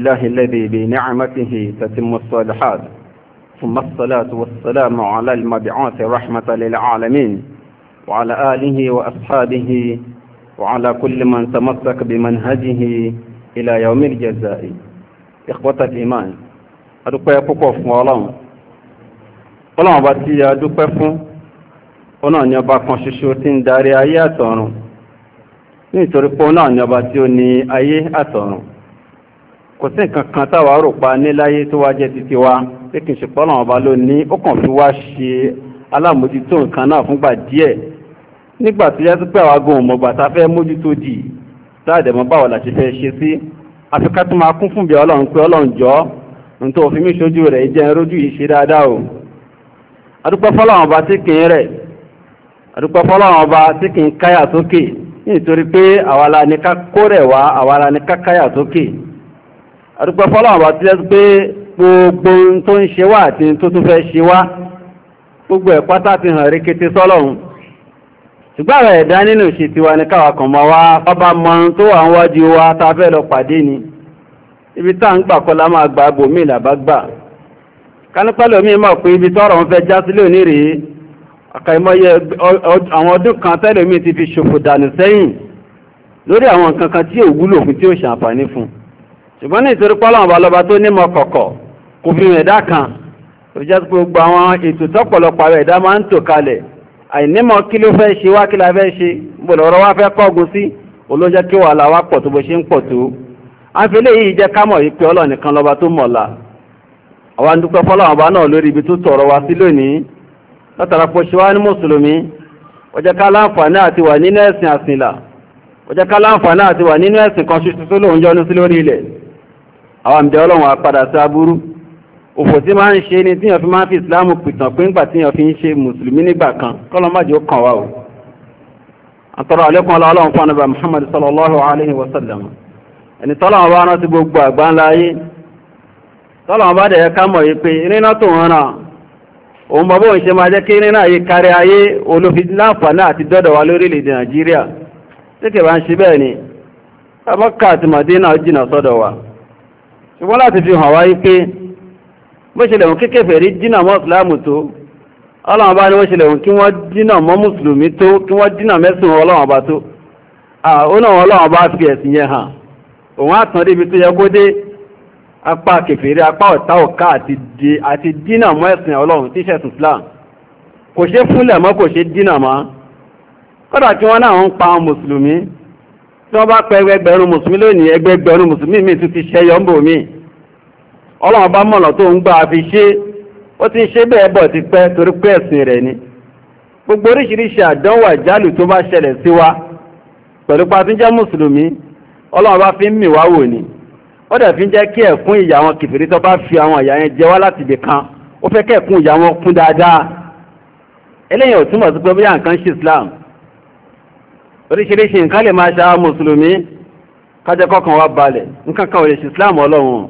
الله الذي بنعمته تتم الصالحات ثم الصلاة والسلام على المبعوث رحمة للعالمين وعلى آله وأصحابه وعلى كل من تمسك بمنهجه إلى يوم الجزاء إخوة الإيمان adúpẹ́ púpọ̀ fún ọlọ́run ọlọ́run ọba tí a dúpẹ́ fún ọ̀nà ni ọba kan ṣoṣo tí ń darí ayé àtọ̀run nítorí pé ọ̀nà ni ọba tí ó ní ayé àtọ̀run kò sí nǹkan kan táwa rò pa níláyé tó wá jẹ́ títí wa pé kì í ṣe pọ́ làwọn ọba ló ní ó kàn fi wá ṣe alámòjútó nǹkan náà fúngbà díẹ̀ nígbà tó yá tó pé àwa gan òmùgbà tá a fẹ́ mójútó dì táàdẹ̀mọ́ báwo la ṣe fẹ́ ṣe sí àfi ká tó máa kún fún bí ọlọ́run pé ọlọ́run jọ nítorí òfin mi ṣojú rẹ̀ jẹ́ rójú yìí ṣe dáadáa o adúpẹ́ fọlọ́run ọba tí kì í rẹ̀ adúpẹ́ fọlọ́run ọba tí kì í káyà sókè nítorí pé àwa la ní ká kórè wá àwa la ní ká káyà sókè àdúgbò fọ́lọ́wọ́ bá ti lẹ́sí pé gbogbo tó ń ṣe wá àti tó tún fẹ́ ṣe wá gbogbo ẹ̀ pátá ti hàn rékété sọ́lọ́hun ṣùgbọ́n ẹ̀dá nínú ìṣe tiwa ní káwa kan wá wa tá a fẹ́ lọ pàdé ni ibi tá à ń gbà kọlá máa gba bòmí làbá gbà kánípẹ́lú omi mọ̀ pé ibi tọ́rọ̀ ń fẹ́ já sí lónìí rèé àkàìmọye àwọn ọdún kan lórí àwọn nǹkan tí ò wúlò fún tí ò ṣàǹfààní fún un ṣùgbọ́n ní ìtorí pọ́lọ̀ ọba lọba tó nímọ̀ kọ̀kọ̀ kò fi ẹ̀dá kan tó jẹ́ pé gbogbo àwọn ètò tọ́pọ̀lọpọ̀ àwọn ẹ̀dá máa ń tò kalẹ̀ àìnímọ̀ kí ló fẹ́ ṣe wá kí la fẹ́ ṣe gbọ́dọ̀ ọ̀rọ̀ wá fẹ́ kọ́gun sí olóúnjẹ kí wàhálà wá pọ̀ tó bó ṣe ń pọ̀ tó a fi lè yìí jẹ́ ká mọ̀ yìí pé Ọlọ́run nìkan lọba tó mọ̀la àwa dúpẹ́ fọ́lọ́run ọba náà lórí ibi tó tọ̀rọ̀ wá sí lónìí látara pọ̀ ṣe wá ní mùsùlùmí ó jẹ́ ká láǹfààní àti wà nínú ẹ̀sìn àsìnlà ó jẹ́ ká láǹfààní àti wà nínú ẹ̀sìn kan ṣoṣo tó lóun yọ́nú sí lórí ilẹ̀ àwọn àmì ọlọ́run apadà sí aburú òfò máa ń ṣe ni tíyàn fi máa fi ìsìláàmù pìtàn pé ńgbà tíyàn fi ń ṣe mùsùlùmí nígbà kan kọ́lọ́mọ́jì ó kàn wá o àtọ́rọ̀ àlékún ọlọ́run fún ànàbà Muhammad sallallahu alaihi wasallam ẹni tọ́lọ̀wọ́ bá rántí gbogbo àgbáńlá ayé tọ́lọ̀wọ́ bá dẹ̀yẹ ká mọ̀ yí pé iná tó ń ràn òun bọ́ bóun ṣe máa jẹ́ kí iná yí kárí ayé olófin láǹfààní àti dọ́dọ̀ wa lórílẹ̀-èdè Nàìjíríà tí kẹ̀ bá ń ṣe bẹ́ẹ̀ ni Mẹ́kà àti Màdínà jìnà sọ́dọ̀ wa ṣùgbọ́n láti fi hàn wáyé pé bó ṣe lẹ̀wọ̀n kékèfè rí dínà mọ́ ìsìláàmù tó ọlọ́run bá ní bó ṣe lẹ̀wọ̀n kí wọ́n dínà mọ́ mùsùlùmí tó kí wọ́n dínà mẹ́sùn ọlọ́run bá tó àwọn ọlọ́run bá fi ẹ̀sìn yẹn hàn òun àtàn débi tó yẹ kó dé apá kèfèrí apá ọ̀tá ọ̀ká àti dínà mọ́ ẹ̀sìn ọlọ́run kí wọ́n náà ń pa mùsùlùmí tí bá pẹ ẹgbẹgbẹ̀rún mùsùlùmí lónìí ẹgbẹgbẹ̀rún mùsùlùmí mi tún ti ṣẹyọ ń bò mí ọlọ́run bá mọ̀nà tó ń gbà fi ṣe ó ti ṣe bẹ́ẹ̀ bọ̀ ti pẹ́ torí pé ẹ̀sìn rẹ̀ ni gbogbo oríṣiríṣi àdánwò àjálù tó bá ṣẹlẹ̀ sí wa pẹ̀lú patúnjẹ́ mùsùlùmí ọlọ́run bá fi ń mì wá wò ni ó dẹ̀ fi ń jẹ́ kí ẹ̀kún ìyà wọn kìfìrí tó bá fi àwọn yẹn jẹ wá láti ibì kan ó fẹ́ kẹ́ẹ̀kún wọn kún dáadáa eléyìí ò túmọ̀ sí pé bóyá nǹkan ṣe Islam oríṣiríṣi nǹkan lè máa ṣe àwọn mùsùlùmí kájẹ́kọ́kàn wá balẹ̀ nǹkan kan òyèṣì islam ọlọ́run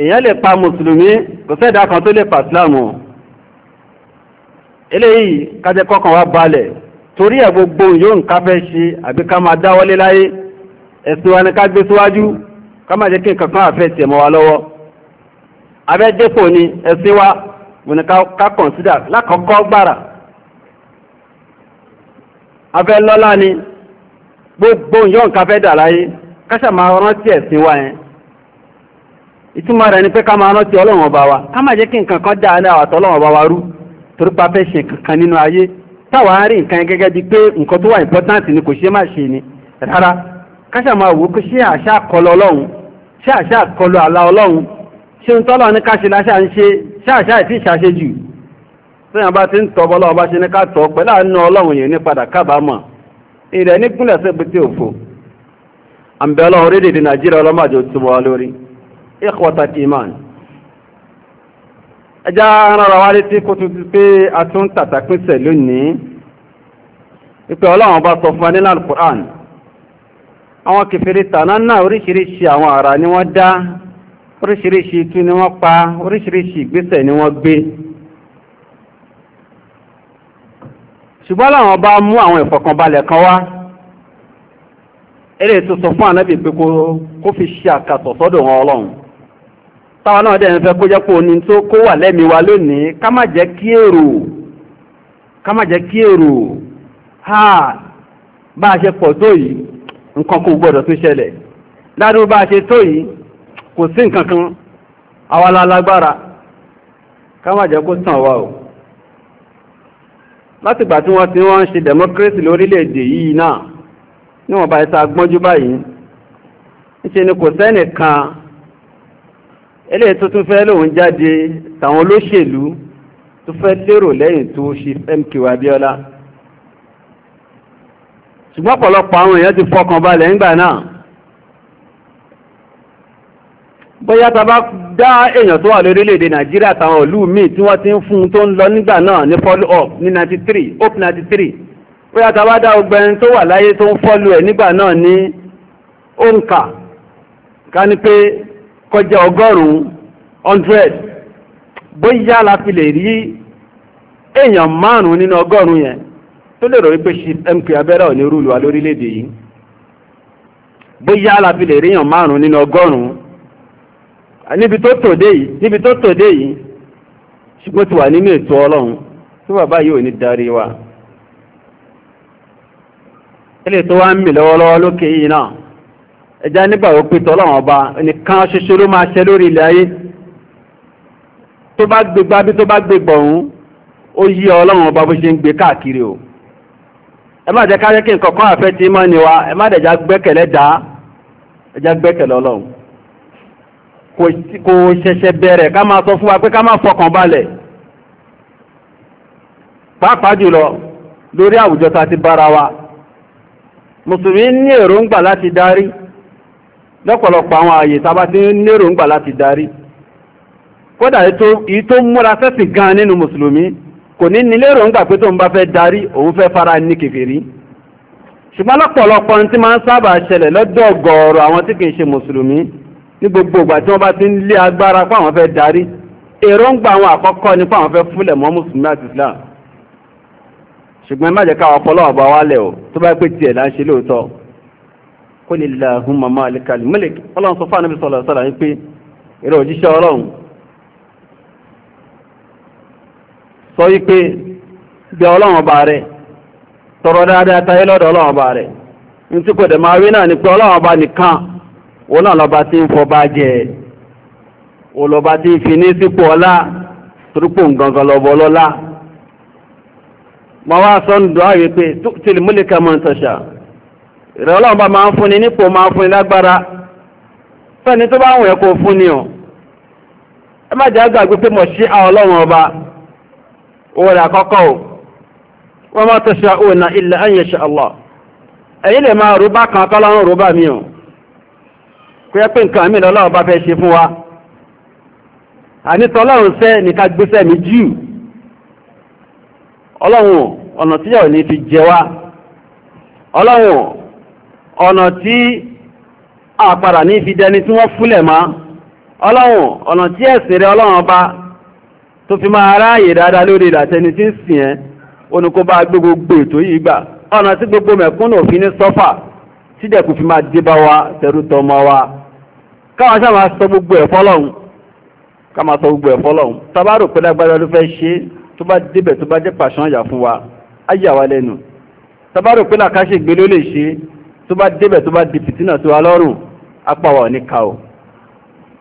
èèyàn lè pa mùsùlùmí kò sẹ́dá kan tó lè pa islam eléyìí kájẹ́kọ́kàn wá balẹ̀ torí ẹ̀ gbogbo yóò ń káfẹ́ ṣe àbí ká máa dáwọ́lé láyé ẹ̀sùn wa ni ká gbé síwájú ká máa jẹ́ kí nǹkan kan àfẹ́ tiẹ̀ mọ́ wa lọ́wọ́ abẹ́dẹ́pọ̀ ni ẹ̀sìn wa mo ní ká kọ̀ǹsídà lákọ̀ọ́kọ́ gbára afẹ́ lọ́lá ni gbogbo yọ́ nǹkan fẹ́ dà láyé káṣà máa rántí ẹ̀sìn wa yẹn ìtumọ̀ rẹ̀ ni pé ká máa rántí ọlọ́run ọba wa ká máa jẹ́ kí nǹkan kan dà ní wa rú torí pa fẹ́ ṣe kankan nínú ayé táwa rí nǹkan gẹ́gẹ́ bí pé ni kò ṣe má ṣe tíyàn bá ti ń tọ́ bọ́lá ọba ṣe ní ká tọ́ pẹ̀lú àánú ọlọ́run yìí ní padà kábàámọ̀ ilẹ̀ nípínlẹ̀ sẹ́pẹ̀tẹ̀ òfò àǹbẹ̀ ọlọ́run orílẹ̀-èdè nàìjíríà ọlọ́màjò túbọ̀ wá lórí ikhwatat iman ẹjá rárá wá létí kó tún ti pé a tún tàtàpínsẹ̀ lónìí wípé ọlọ́run ọba sọ fún wa nínú alukur'an àwọn kẹfìrí tàná náà oríṣiríṣi àwọn àrà ni wọ́n dá oríṣiríṣi itú ni wọ́n pa oríṣiríṣi ìgbésẹ̀ ni wọ́n gbé ṣùgbọ́n láwọn bá mú àwọn ìfọ̀kànbalẹ̀ kan wá eré tó fún ànábì pé kó fi ṣe àkàtọ̀ sọ́dọ̀ wọn ọlọ́run táwọn náà dẹ̀ ń fẹ́ kó jẹ́ pé oní wa lónìí ká má jẹ́ kí èrò ká ha bá a ṣe pọ̀ tó yìí nǹkan kò gbọ́dọ̀ tó ṣẹlẹ̀ ládùú bá a ṣe tó yìí kò sí nǹkan kan ká o. látìgbà tí wọ́n ti wọ́n ń ṣe democracy lórílẹ̀-èdè yìí náà níwọ̀n báyìí tá a gbọ́njú báyìí ńṣe ni kò sẹ́nìkan eléyìí tó tún fẹ́ lòun jáde tàwọn olóṣèlú tó fẹ́ lérò lẹ́yìn tó ṣe MK Abíọ́lá ṣùgbọ́n ọ̀pọ̀lọpọ̀ àwọn èèyàn ti fọkàn balẹ̀ ńgbà náà bóyá ta bá dá èèyàn tó wà lórílẹ̀-èdè nàìjíríà táwọn ìlú míì tí wọ́n ti ń fún tó ń lọ nígbà náà ní follow up ní 93 up 93 bóyá ta bá dá ọgbẹ́rin tó wà láyé tó ń follow ẹ̀ nígbà náà ní òǹkà ká ní pé kọjá ọgọ́rùn-ún 100 bóyá la fi lè rí èèyàn márùn-ún nínú ọgọ́rùn-ún yẹn tó lè rò wípé chief mp abẹ́rẹ́ ò ní wa lórílẹ̀-èdè yìí bóyá la fi lè rí èèyàn márùn-ún nínú ọgọ́rùn-ún níbi tó tòde yìí níbi tó tòde yìí ṣùgbọ́n ti wà nínú ètò ọlọ́run tí bàbá yìí ò ní darí wa ilé tó wá ń mì lọ́wọ́lọ́wọ́ lókè yìí náà ẹja nígbà ó pé tọ́lọ́wọ́n ọba nìkan ṣoṣo ló máa ṣe lórí ilẹ̀ ayé tó bá gbé gbábí tó bá gbé gbọ̀hún ó yí ọlọ́run ọba bó ṣe ń gbé káàkiri o ẹ má jẹ́ ká jẹ́ kí nǹkan kan àfẹ́ tí mọ́ ni wa ẹ má dẹ̀ já gbẹ́kẹ̀lẹ́ dá ẹ já gbẹ́kẹ̀lẹ́ ọlọ́run kò ṣẹ̀ṣẹ̀ bẹ̀rẹ̀ ká máa sọ fún wa pé ká máa fọkàn balẹ̀ pàápàá jùlọ lórí àwùjọ ta ti bára wa mùsùlùmí ní èròǹgbà láti darí lọ́pọ̀lọpọ̀ àwọn ààyè tàbá ti ní èròǹgbà láti darí kódà èyí tó múra sẹ́sìn gan nínú mùsùlùmí kò ní nílé èròǹgbà pé tó ń bá fẹ́ darí òun fẹ́ fara ní kèfèrí ṣùgbọ́n lọ́pọ̀lọpọ̀ tí máa ń sábà ṣẹlẹ̀ lọ́dọ̀ ọ̀gọ̀ọ̀rọ̀ àwọn tí kìí ṣe mùsùlùmí ní gbogbo ìgbà tí wọ́n bá ti ń lé agbára fáwọn fẹ́ darí èròǹgbà àwọn àkọ́kọ́ ní fáwọn fẹ́ fúnlẹ̀ mọ́ mùsùlùmí àti Islam ṣùgbọ́n má jẹ́ ká ọpọlọ ọba wálẹ̀ o tó bá pé tiẹ̀ là ń ṣe lóòótọ́ kó ní lahumma malikal mulk ọlọ́run sọ fún ànábì sọ̀rọ̀ sọ̀rọ̀ yín pé èrè òjíṣẹ́ ọlọ́run sọ yí pé bí ọlọ́run ọba rẹ̀ tọrọ dáadáa tayé lọ́dọ̀ ọlọ́run ọba rẹ̀ ní tí kò dẹ̀ máa wí náà ni pé ọlọ́run ọba nìkan wọn náà lọba tí ń fọba jẹ olọba tí ń fi ní sípò ọlá torípò ngangan lọbọ lọlá ma wá sọ ń dùn àwẹ pé tìlì múlìkà mọ ntọṣà ìrẹ Ọlọ́run bá máa ń fúnni nípò máa ń fúnni lágbára fẹni tó bá ń wẹ fúnni o ẹ má jẹ́ àgbàgbé pé mọ̀ sí Ọlọ́run ọba owó rẹ̀ àkọ́kọ́ o wọ́n má tọṣà òun náà illa an yasha Allah ẹ̀yin lè máa rúbá kan kọ́lọ́run rúbá mi o fẹ́ pé nǹkan mí lọ́lọ́wọ́ bá fẹ́ ṣe fún wa ànítọ́ ọlọ́run sẹ́ ní ká gbéṣẹ́ mi jù ọlọ́run ọ̀nà tí yà ò ní fi jẹ wá ọlọ́run ọ̀nà tí àpàdà ní fi dẹni tí wọ́n fúlẹ̀ má ọlọ́run ọ̀nà tí ẹ̀sìn rẹ ọlọ́run ọba tó fi máa ráàyè dáadáa lórí ìdàtẹni tí ń sìn ẹ́ onukó bá gbé gbogbo ètò yìí gbà ọ̀nà tí gbogbo mẹ̀kúnnù òfin ní sọ́fà sídẹ̀kù fi máa dé bá wa tẹrú tọmọ wa káwọn sáà máa sọ gbogbo ẹ̀ fọ́lọ́hun ká máa sọ gbogbo ẹ̀ fọ́lọ́hun tá bá rò pé lágbára ló fẹ́ ṣe tó bá débẹ̀ tó bá jẹ́ pàṣán àyà fún wa ayà wa lẹ́nu tá bá rò pé làkàṣe gbé ló lè ṣe tó bá débẹ̀ tó bá di fìtínà tó wa lọ́rùn apá wa ò ní ka o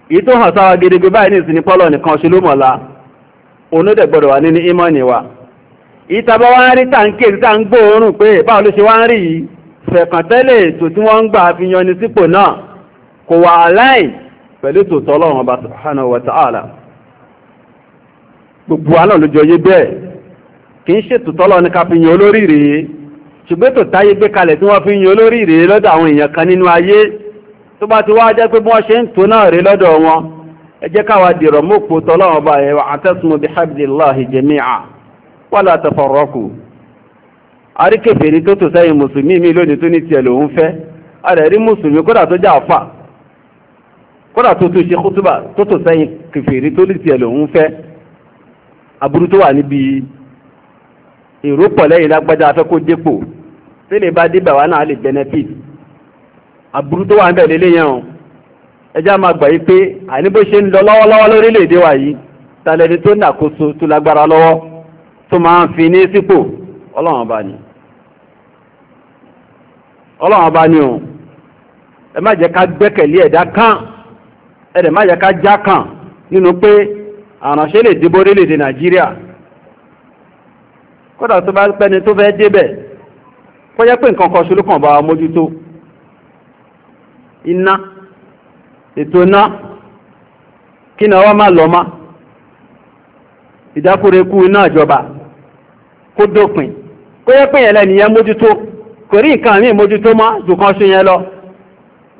èyí tó hàn sáwa gedegbe báyìí ní ìsinmi pọ́lọ̀ nìkan ṣe ló mọ̀la kò wà aláìn pẹ̀lú tòótọ́ ọlọ́run ọba subhanahu wa gbogbo náà ló bẹ́ẹ̀ kì ṣe tòótọ́ fi yan olórí rèé ṣùgbé tó táyé gbé kalẹ̀ tí wọ́n fi yan olórí rèé lọ́dọ̀ àwọn èèyàn kan nínú ayé tó bá ti wá jẹ́ pé bí wọ́n ṣe ń tó náà lọ́dọ̀ wọn ẹ jẹ́ kódà tó tó ṣe kútúbà tó tó sẹ́yìn kẹfẹ́rí tó lè tiẹ̀ lòún fẹ́ aburú tó wà níbi èrò pọ̀ lágbájá afẹ́ kó dépò tẹ́lẹ̀ bá dé bàwá náà lè benefit aburú tó wà ń bẹ̀ lélẹ̀ yẹn o ẹjá máa gbà yí pé àní bó ṣe ń lọ lọ́wọ́lọ́wọ́ lórílẹ̀‐èdè wa yìí talẹ́ni tó nàkóso tó lágbára lọ́wọ́ tó máa ń fi ní sípò ọlọ́run ọba ni ọlọ́run ọba ni o ẹ má jẹ́ ká gbẹ́kẹ̀lé ẹ̀dá kan ẹ̀rẹ̀ má yẹ ká já kàn nínú pé àránṣẹ́ lè dìbò orílẹ̀-èdè nàìjíríà kódà tó bá pẹ́ni tó fẹ́ débẹ̀ kó yẹ pé nǹkan kan ṣolú kàn bá wa mójútó iná ètò iná kí ni ọwọ́ máa lọ mọ́ ìdákúrekú iná ìjọba kó dópin kó yẹ pé yẹn mójútó kò rí nǹkan míì mójútó mọ́ jù kan ṣe yẹn lọ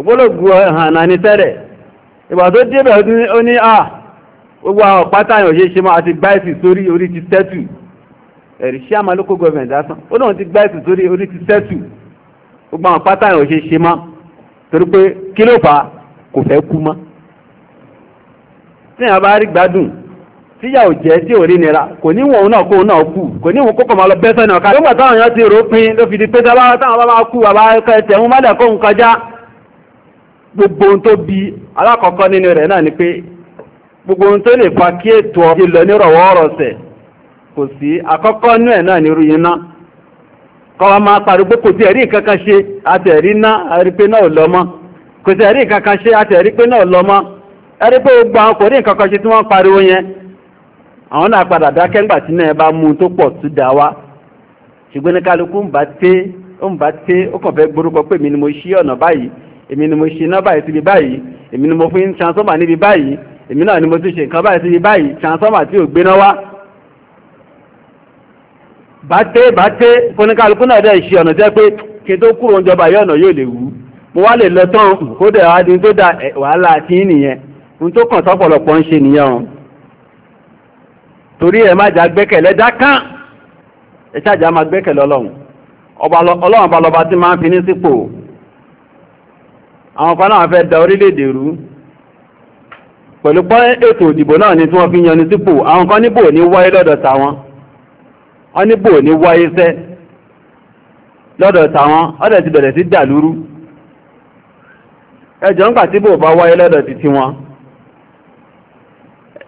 ògbólógbò ọ̀hànà ní tẹ́rẹ̀ ìgbà tó débẹ̀ ó ní à ah, gbogbo àwọn pátá yàn ṣe ṣe máa ti gbáìsì sórí orí ti sẹ́tù ẹ̀rì sí àmàlókò gọ́ọ̀mẹ̀ntì lásán ó náà ti gbáìsì sórí orí ti sẹ́tù gbogbo pátá yàn ṣe ṣe máa torí pé kí ló fà á kò fẹ́ kú mọ́ tí yàn bá rí gbádùn tí ò jẹ́ tí ò rí nira kò ní wọn náà kó náà kú kò ní wọn kókò máa lọ bẹ́sẹ̀ náà ká táwọn yàn ti rò ló fi di pé táwọn bá máa kú àbá ń kó ń kọjá gbogbo ohun tó bí alákọ̀ọ́kọ́ nínú rẹ̀ náà ni pé gbogbo ohun tó lè fa kí ètò ọ̀rọ̀ lọ ní rọ̀wọ́ kò sí ẹ̀ náà iná máa kò sí ẹ̀rí kankan ṣe àtẹ̀rí ná ẹ̀rí pé náà lọ kò sí ẹ̀rí ṣe àtẹ̀rí pé náà ẹ̀rí pariwo yẹn àwọn náà padà dákẹ́ ńgbà tí náà bá mú un tó pọ̀ wa èmi ni mo ṣe iná báyìí síbi báyìí èmi ni mo fi ń transformer níbi báyìí èmi náà ni mo tún ṣe nǹkan báyìí síbi báyìí transformer tí ò gbéná wá bàtẹ́ bàtẹ́ fúnikálukú náà dẹ̀ ṣe ọ̀nà jẹ́ pé kí n tó kúrò ń jọba yọ̀nà yóò lè wú mo wá lè lọ tán kódà adin tó da wàhálà tí ń nìyẹn ohun tó kàn sọ́pọ̀lọpọ̀ ń ṣe nìyẹn o torí ẹ̀ má jà gbẹ́kẹ̀lé dá kán ẹ̀ ṣáàjà má gbẹ́kẹ̀lé ọlọ́run ọlọ́run ọba lọba tí máa ń fi sípò àwọn kan náà fẹ́ da orílẹ̀-èdè rú pẹ̀lú pọ́n ètò òdìbò náà ni tí wọ́n fi yan ní sípò àwọn kan níbò ní wáyé lọ́dọ̀ tàwọn wọ́n níbò ní wáyé sẹ́ lọ́dọ̀ tàwọn ọ̀dẹ̀ ti bẹ̀rẹ̀ sí dàlúrú ẹjọ́ ń gbà tí bò bá wáyé lọ́dọ̀ ti ti wọn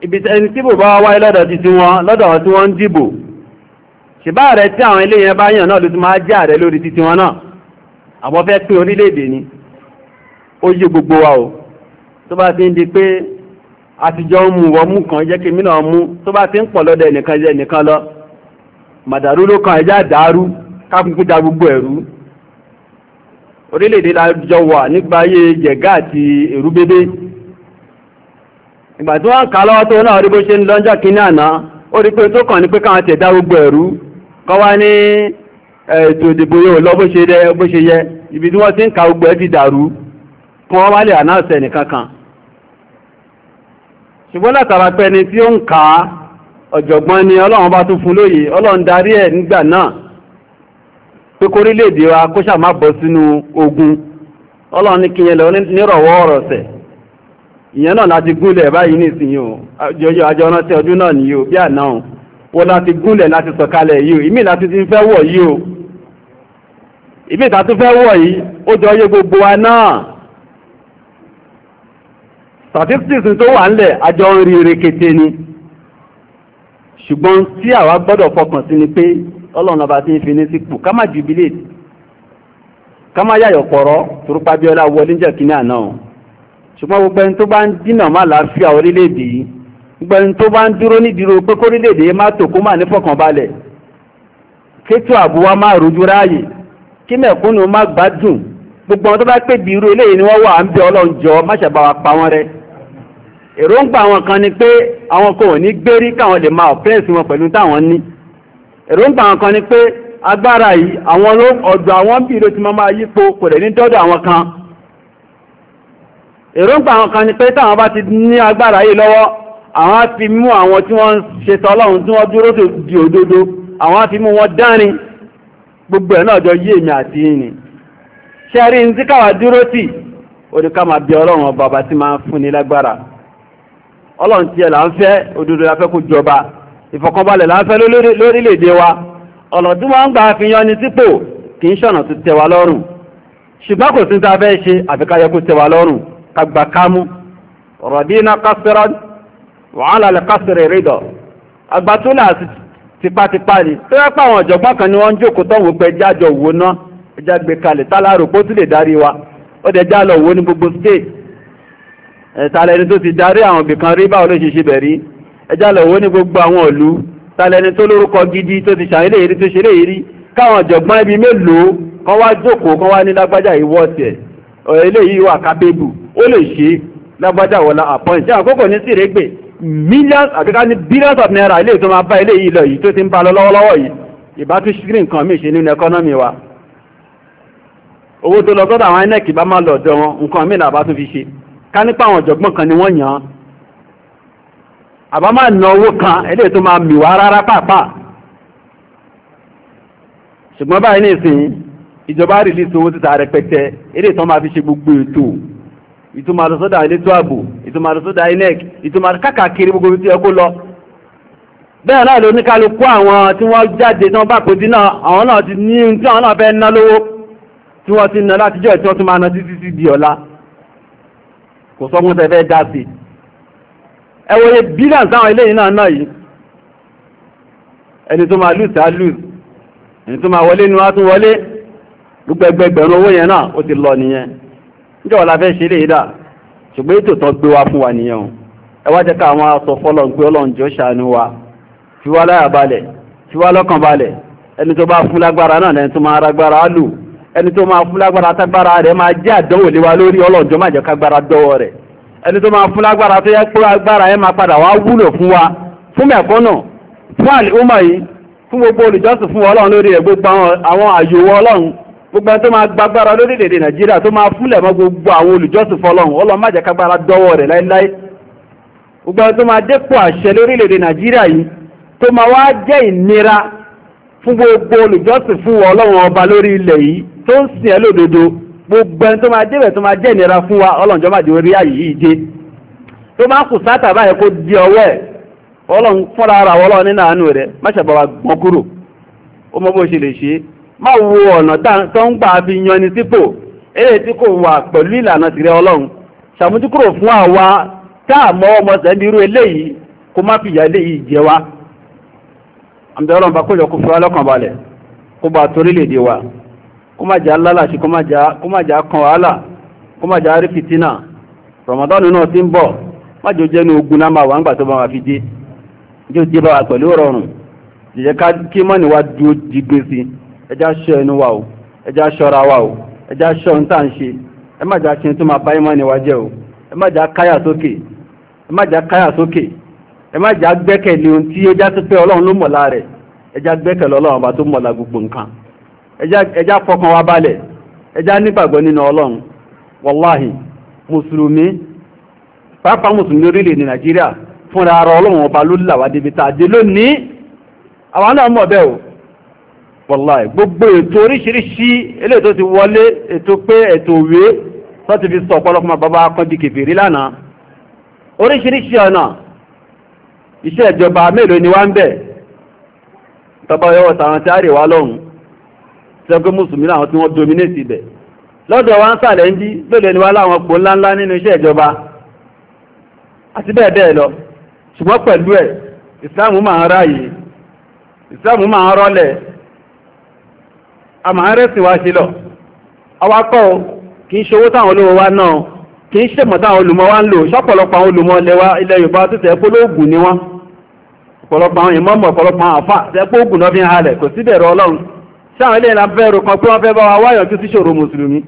ibi ẹni tí bò bá wáyé lọ́dọ̀ ti ti wọn lọ́dọ̀ wọn tí wọ́n ń dìbò ṣìbá rẹ̀ tí àwọn ilé yẹn bá yàn náà ló ti máa jẹ́ ààrẹ lórí ti ti wọn náà àwọn fẹ́ pín orílẹ̀-èdè ni ó yé gbogbo wa o tó bá ti ń di pé àtijọ́ ń mú wọ́n mú kan jẹ́ kí mí náà mú tó bá ti ń pọ̀ lọ́dọ̀ ẹnìkan jẹ́ ẹnìkan lọ màdàrú ló kan ẹjá dàrú kákùnkùn da gbogbo ẹ̀rú orílẹ̀-èdè lájọ wà nípa ayé jẹ̀gá àti èrú bébé ìgbà tí wọ́n kà lọ́wọ́ tó náà rí bó ṣe ń lọ́jọ́ kí ní àná ó rí pé tó kàn ní pé káwọn tẹ̀dá gbogbo ẹ̀rú kọ́ wá ní ètò ìdìbò yóò lọ bó ṣe yẹ ibi tí wọ́n ti ń ka gbogbo ẹ̀ ti dàrú kan wá lè ànáṣẹ́ nìkankan ṣùgbọ́n látara pé ẹni tí ó ń ka ọ̀jọ̀gbọ́n ni ọlọ́run bá tún fún lóye ọlọ́run darí ẹ̀ nígbà náà pé kórílẹ̀-èdè wa kó ṣàmá bọ́ sínú ogun ọlọ́run ní kíyẹn lọ nírọ̀wọ́ ọ̀rọ̀ sẹ̀ ìyẹn náà láti gúnlẹ̀ báyìí nísìnyí o àjọ ránṣẹ́ ọdún náà o bí àná o wọ́n láti gúnlẹ̀ láti sọ̀kalẹ̀ yìí o gbogbo wa náà statistics tó wà ńlẹ̀ àjọ orí rekete ni ṣùgbọ́n tí àwa gbọ́dọ̀ fọkàn sí ni pé ọlọ́run ọba ti ń fi ní sípò ká má jubilate ká má yàyọ̀ pọ̀rọ̀ torípa bí ọlá wọlé jẹ́ kíní àná o ṣùgbọ́n gbogbo ẹni tó bá ń dínà má láàfíà orílẹ̀-èdè yìí gbogbo ẹni tó bá ń dúró nídìíró pé kórílẹ̀-èdè yìí má tò kó má nífọ̀kànbalẹ̀ kétò àbúwá má rojú ráàyè kí mẹ̀kúnnù má gbádùn gbogbo àwọn tó bá pè bí irú eléyìí ni wọ́n wà ń bẹ ọlọ́run jọ má ṣàbáwá pa wọ́n rẹ́ èròǹgbà àwọn kan ni pé àwọn kò ní gbérí káwọn lè máa ọ̀pẹ́ẹ̀sì wọn pẹ̀lú táwọn ní èròǹgbà àwọn kan ni pé agbára yìí àwọn ọ̀dọ̀ àwọn bí ló ti máa máa yípo kò lè ní dọ́dọ̀ àwọn kan èròǹgbà àwọn kan ni pé táwọn bá ti ní agbára yìí lọ́wọ́ àwọn á fi mú àwọn tí wọ́n ṣe tọ́lọ́run tí wọ́n dúró tó di òdodo àwọn á fi mú wọn dánrin gbogbo ẹ̀ náà jọ yí èmi àti ìní ṣẹ́rí ní tí káwà dúró tì ó ká máa bí ọlọ́run ọba bá ti máa ń fún lágbára ọlọ́run tiẹ̀ là ń fẹ́ òdodo la fẹ́ kó jọba ìfọ̀kànbalẹ̀ là ń fẹ́ lórílẹ̀-èdè wa ọ̀nà tí wọ́n ń gbà fi yan ni sípò kì í ṣọ̀nà tó tẹ́ wa lọ́rùn ṣùgbọ́n kò sí ta fẹ́ ṣe àfikáyẹ kó tẹ́ lọ́rùn kagbà kámú radina kásìrán wàhálà ni tó yẹ pé àwọn ọ̀jọ̀gbọ́n kan ni wọ́n ń jókòó tó wọ́n pẹ́ jájọ wò ná ẹjá gbé tàlẹ́ni tó ti darí àwọn ibìkan rí báwọn olóṣèṣe bẹ̀rí ẹjá lọ̀wọ́ ní gbogbo àwọn ìlú tàlẹ́ni tó lórúkọ gidi tó ti ṣàyẹ́lẹ̀ èrí tó ṣeré èrí káwọn ọ̀jọ̀gbọ́n ibi mélòó kan wá jókòó kan wá ní lágbájá ìwọ́sẹ̀ eléyìí wà kábébù ó lè millions àkíká billions of naira ilé tó máa bá eléyìí lọ yìí tó ti ń bá lọ lọ́wọ́lọ́wọ́ yìí ìbá tún ṣírí nǹkan míì ṣe nínú ẹkọ́nọ́mì owó tó lọ sọ́dọ̀ àwọn inec bá máa lọ̀dọ̀ wọn nǹkan míì làbá tún fi ṣe ká nípa àwọn ọ̀jọ̀gbọ́n kan ni wọ́n yàn án àbá máa na owó kan ẹlẹ́ tó máa mìwá rárá pàápàá ṣùgbọ́n báyìí nìsín ìjọba rìlíìsì owó títa rẹpẹtẹ eré ìtàn máa fi ṣe gbogbo ètò ìtumọ̀ àlọ́sọ́dà elétò ààbò ìtumọ̀ àlọ́sọ́dà inec ìtumọ̀ kákàkiri gbogbo tí ẹ kó lọ bẹ́ẹ̀ náà ló ní kálukú àwọn tí wọ́n jáde tí wọ́n bá pè dínà àwọn náà ti ní tí àwọn náà fẹ́ ná lówó tí wọ́n ti ná látijọ́ tí wọ́n tún máa ná títí di ọ̀la kò sọ mọ́ tẹ́fẹ́ dá sí ẹwọ́ye billions táwọn eléyìí náà náà yìí ẹni tó máa lùsì á lùsì ẹni tó máa wọlé ní wá tún wọlé gbogbo ẹgbẹgbẹ̀rún owó yẹn náà ó ti lọ nìyẹn níjọ́ wọ́n la fẹ́ ṣe léyìí dà ṣùgbọ́n ètò tán gbé wa fún wa nìyẹn o ẹ wá jẹ́ káwọn aṣọ fọ́lọ̀ ń pé ọlọ́run jọ ṣàánú wa fi wá láyà balẹ̀ fi ẹni tó máa fún lágbára tágbára rẹ̀ máa jẹ́ àdánwò léwa lórí ọlọ́jọ́ máa jẹ́ kágbára dọ́wọ́ rẹ̀ ẹni tó máa fún lágbára tó yẹ pé agbára yẹn máa padà wá wúlò fún wa fún mẹ̀kọ́nà fún àlùmọ̀ yìí fún gbogbo olùjọ́sìn fún ọlọ́run lórí rẹ̀ gbogbo àwọn àyòwò ọlọ́run gbogbo ẹni tó máa gbàgbára lórílẹ̀-èdè nàìjíríà tó máa fúnlẹ̀ mọ́ gbogbo àwọn olùjọ́sìn fọlọ́run ọlọ́run má jẹ́ kágbára dọ́wọ́ rẹ̀ láéláé gbogbo ẹni tó máa dépò àṣẹ lórílẹ̀-èdè nàìjíríà yìí tó máa wá jẹ́ ìnira fún gbogbo olùjọ́sìn fún ọlọ́run ọba lórí ilẹ̀ yìí tó ń sìn ẹ́ gbogbo ẹni tó máa débẹ̀ tó máa jẹ́ ìnira fún wa ọlọ́njọ́ máa di orí ààyè yìí dé tó máa kù kó di ọwọ́ ẹ̀ ọlọ́run ara wọ́lọ́ nínú àánú má gbọ́n kúrò ó mọ bó ṣe lè ṣe má wo ọ̀nà tó ń gbà fi yan ni sípò eré tí kò wà pẹ̀lú ìlànà tìrẹ ọlọ́run ṣàmójúkúrò fún àwa tá ọmọ sẹ́ni irú kó má jà lálàṣí kó má jà kan wàhálà kó má jà rí fìtínà rọmọdọ́nù náà ti ń bọ̀ má jò jẹ́nu ogun náà máa wà ńgbà tó bá wà fi dé ní ti bá wà pẹ̀lú rọrùn jẹjẹ ká kí mọ́ni wa dúró digbin sí ẹjá ṣọ́ ẹnu wa o ẹjá ṣọ́ra wa o ẹjá ṣọ́ ohun tá à ń ṣe ẹ má jà ṣe tó máa báyìí mọ́ni wa jẹ́ o ẹ má jà káyà sókè ẹ má jà káyà sókè ẹ má jà gbẹ́kẹ̀lé ohun tí ẹjá tó pé ọlọ́run ló mọ̀lá rẹ̀ ẹjá gbẹ́kẹ̀lé ọlọ́run ọba tó mọ̀lá gbogbo nǹkan ẹjá fọkàn wa balẹ̀ ẹjá nígbàgbọ́ nínú ọlọ́run wọláhì mùsùlùmí pàápàá mùsùlùmí orílẹ̀ ní nàìjíríà fúnra ara ọlọ́run ọba ló là wá débi tá a dé lónìí àwọn náà mọ̀ bẹ́ẹ̀ o wọláhì gbogbo ètò oríṣiríṣi eléyìí tó ti wọlé ètò pé ètò òwe tó ti fi sọ ọ̀pọ̀lọpọ̀ bàbá kan di kèfèrí lánàá oríṣiríṣi ọ̀nà iṣẹ́ ìjọba mélòó ni wá ń bẹ̀ tọ́bọ̀ yọwọ́ tàwọn tí a rè ṣe musulmi mùsùlùmí tí wọ́n dominate ibẹ̀ lọ́dọ̀ wa ń sàlẹ̀ ń bí lóde ni wá láwọn pò ńláńlá nínú iṣẹ́ ìjọba àti bẹ́ẹ̀ bẹ́ẹ̀ lọ ṣùgbọ́n pẹ̀lú ẹ̀ islamu ma ń ráyè islamu ń rọ́lẹ̀ a máa ń wá sí lọ awakọ̀ kì í ṣowó táwọn olówó wa náà kì táwọn ilé ìlà bẹ̀rù kan pé wọ́n fẹ́ bá wa wáyọ̀ tó tíṣòro mùsùlùmí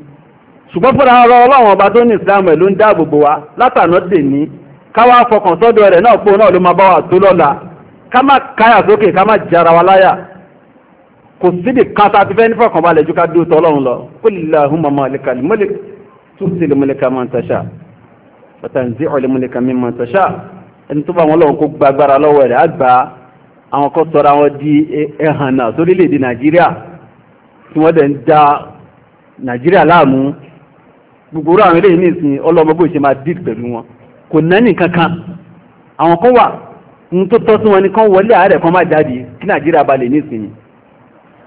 ṣùgbọ́n fúnra ọ̀rọ̀ ọlọ́run ọba tó ní ìsìlámù ẹ̀ ló ń dáàbòbò wa látànà dè ní káwá fọkàn sọ́dọ̀ rẹ̀ náà pé náà ló máa bá wa tó lọ́la ká má káyà sókè ká má jara wa láyà kò síbi kan tá a ti fẹ́ ní fọkàn balẹ̀ ju ká dúró tọ́lọ́run lọ Qulillahumma malikal mulk tu'til di ẹ̀hànà e-, tí wọ́n dẹ̀ ń da nàìjíríà láàmú gbogbo orú àwọn eléyìí nìsín ọlọ́mọ bó ṣe máa dìd pẹ̀lú wọn kò nání kankan àwọn kan wà ohun tó tọ́ sí wọn ni kán wọlé àárẹ̀ kan má jáde kí nàìjíríà bá lè nísìnyí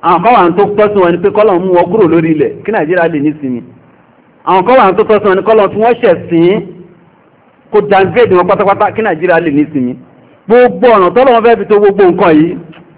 àwọn kan wà tó tọ́ sí wọn ni pé kọ́lọ̀ mú wọn kúrò lórí ilẹ̀ kí nàìjíríà lè nísìnyí àwọn kan wà tó tọ́ sí wọn ni kọ́lọ̀ tí wọ́n ṣẹ̀ sìn kó downgrade wọn pátápátá kí nàìjíríà lè nísìnyí gbogbo ọ̀nà tọ́lọ́wọ́n fẹ́ fi tó gbogbo nǹkan yìí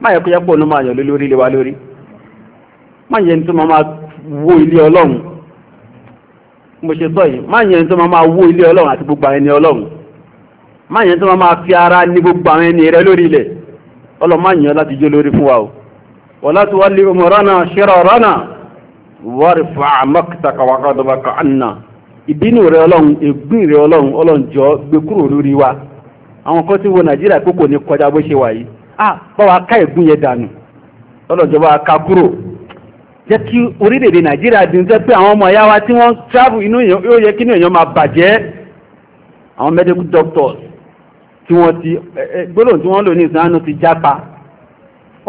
má yẹ kó yẹ pọ̀ ní máa yàn lori lórí ilé wa lórí má yẹ tó máa wó ilé ọlọ́run mo ṣe sọ yìí má yẹ tó máa wó ilé ọlọ́run àti gbogbo àwọn ẹni ọlọ́run má yẹ tó máa fi ara ní gbogbo àwọn ẹni rẹ lórí ilẹ̀ ọlọ́run má yẹ láti jó lórí fún wa o wọ́n láti wá lé ọmọ rana ṣẹ́ra rana wọ́n rí àná ìbínú rẹ ọlọ́run ègbín wa àwọn kan ah báwa ká ẹ̀gún yẹn dànù lọ́dọ̀ ìjọba ká kúrò jẹ́ kí orílẹ̀-èdè nàìjíríà dín jẹ́ pé àwọn ọmọ ẹ̀yà wa tí wọ́n travel inú yóò yẹ kí inú èèyàn máa bàjẹ́ àwọn medical doctors tí wọ́n ti gbọ́dọ̀ tí wọ́n lò ní ìsìnánú ti jápa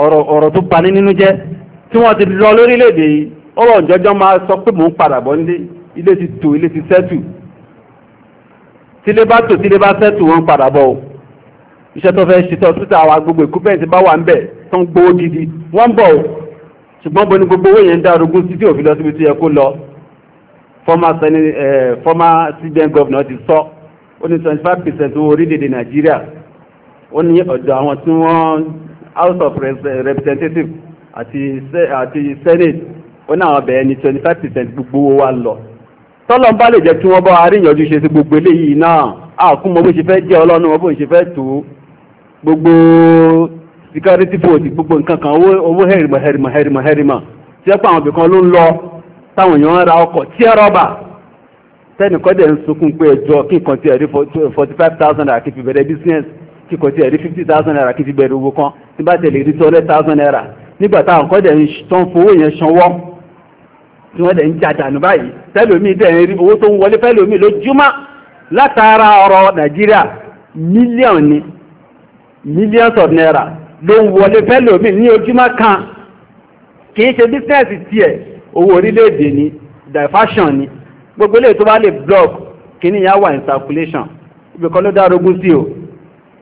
ọ̀rọ̀ tó pani nínú jẹ́ tí wọ́n ti lọ lórílẹ̀-èdè yìí ọ̀rọ̀ ìjọjọ́ máa sọ pé mò ń padà bọ̀ nílé ilé ti tò ilé ti sẹ́tù tílé bá tò tílé bá sẹ́tù wọ́n padà bọ̀ o iṣẹ́ tó fẹ́ ṣe tọ́ títà àwọn gbogbo ìkúpẹ́ǹtì bá wà ń bẹ̀ tó ń gbowó gidi wọ́n bọ̀ ṣùgbọ́n bo ni gbogbo owó yẹn ń títí òfin lọ síbi tó yẹ kó lọ former eh, cbn governor ti sọ ó ní twenty five percent owó orílẹ̀-èdè nàìjíríà ó ní ọ̀dọ̀ àwọn tí wọ́n house of eh, representatives àti senate ó ní àwọn bẹ̀rẹ̀ ní twenty five percent gbogbo owó wa lọ tọ́lọ́ ń bá lè jẹ́ kí wọ́n bá aríyànjú ṣe sí gbogbo eléyìí náà àkúmọ̀ bó ṣe fẹ́ jẹ́ ọlọ́run bó ṣe fẹ́ tó o gbogbo security force gbogbo nǹkan kan owó hẹ̀rìmọ̀ hẹ̀rìmọ̀ hẹ̀rìmọ̀ hẹ̀rìmọ̀ tí ẹ pa àwọn ibìkan ló ń lọ táwọn èèyàn ra ọkọ̀ tí ẹ rọ́bà tẹ́nìkan dẹ̀ ń sunkún pé ẹjọ́ kí nǹkan tí ẹ rí forty five thousand naira kí fi bẹ̀rẹ̀ business kí nǹkan tí ẹ rí fifty thousand naira kí fi bẹ̀rẹ̀ owó kan tí bá tẹ̀lé rí hundred thousand naira nígbà táwọn kan dẹ̀ ń tán fowó yẹn sanwó tí wọ́n dẹ̀ ń jà dànù báyìí tẹ́lómi dẹ̀ ń rí owó tó ń wọlé fẹ́lómi lójúmọ́ látara ọ̀rọ̀ Nàìjíríà mílíọ̀nù millions of naira ló ń wọlé fẹ́lòmí ní ojúmọ́ kan kìí ṣe business tiẹ̀ owó orílẹ̀-èdè ni diversion ni gbogbo ilé tó bá lè block kìíní yà wà in circulation ibi kan ló dárógún sí o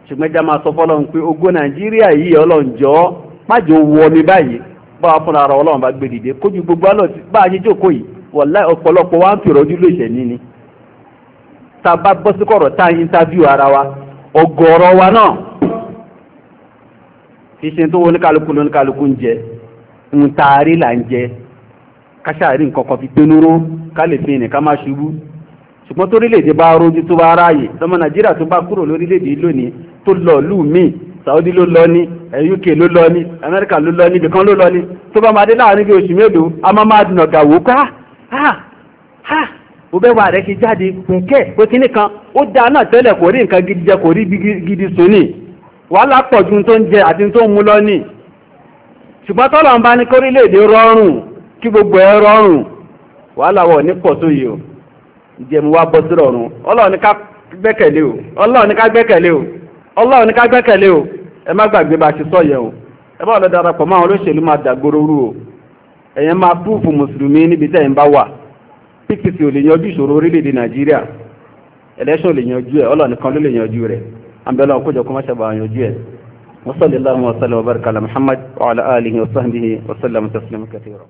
ṣùgbọ́n ẹja máa sọ fọ́lọ́run pé ogo nàìjíríà yìí ọlọ́run jọ̀ọ́ májò wọ mi báyìí bá wa fúnra ara ọlọ́run bá gbé dìde kójú gbogbo alọ́ bá a ṣe jókòó yìí wọ̀lá ọ̀pọ̀lọpọ̀ wa ń fi ìrọ́jú ló ìṣẹ̀ níní tá bá bọ́ sí kọ̀rọ̀ tá a interview ara wa ọ̀gọ̀ọ̀rọ̀ wa náà kì í ṣe tó wọ́n kálukú ló ní kálukú ń jẹ ń taari là ń jẹ káṣáàrí nǹkan kan fi pinúró ká lè fi nìkan má ṣubú ṣùgbọ́n torílẹ̀-èdè bá rojú tó bá ráàyè lọ́mọ nàìjíríà tó bá kúrò lórílẹ̀-èdè lónìí tó lọ lù míì saudi ló lọ ní eh, uk ló lọ ní america ló lọ ní ibìkan ló lọ ní tó bá máa dé láàrin bí oṣù mélòó a máa máa dùnà gàwó ká ha ha ó bẹ́ẹ̀ wà rẹ̀ ṣe jáde pẹ̀kẹ́ pé kíní kan ó dáa náà tẹ́lẹ̀ kò rí nǹkan gidi jẹ kò rí gidi sùn wàhálà pọ̀jú tó ń jẹ àti tó ń mú ní ṣùgbọ́n tọ́lọ̀ ń bá ní kórílẹ̀-èdè rọrùn kí gbogbo ẹ rọrùn wọ̀ ní pọ̀ tó o ìjẹ̀mú wa bọ́ sí rọrùn ká gbẹ́kẹ̀lé o ká o ká o ẹ má gbàgbé bá ṣe o bá máa máa dàgbòrò ẹ̀yẹn máa mùsùlùmí níbi bá lè yanjú ìṣòro orílẹ̀-èdè Nàìjíríà lè yanjú ẹ̀ àbẹ̀lẹ̀ ọkọ̀jọ kó máṣe bá yanjú ẹ̀ wasallallahu wasallam wa baraka ala muhammad wa ala alihi wa sahbihi wa sallam taslima kathira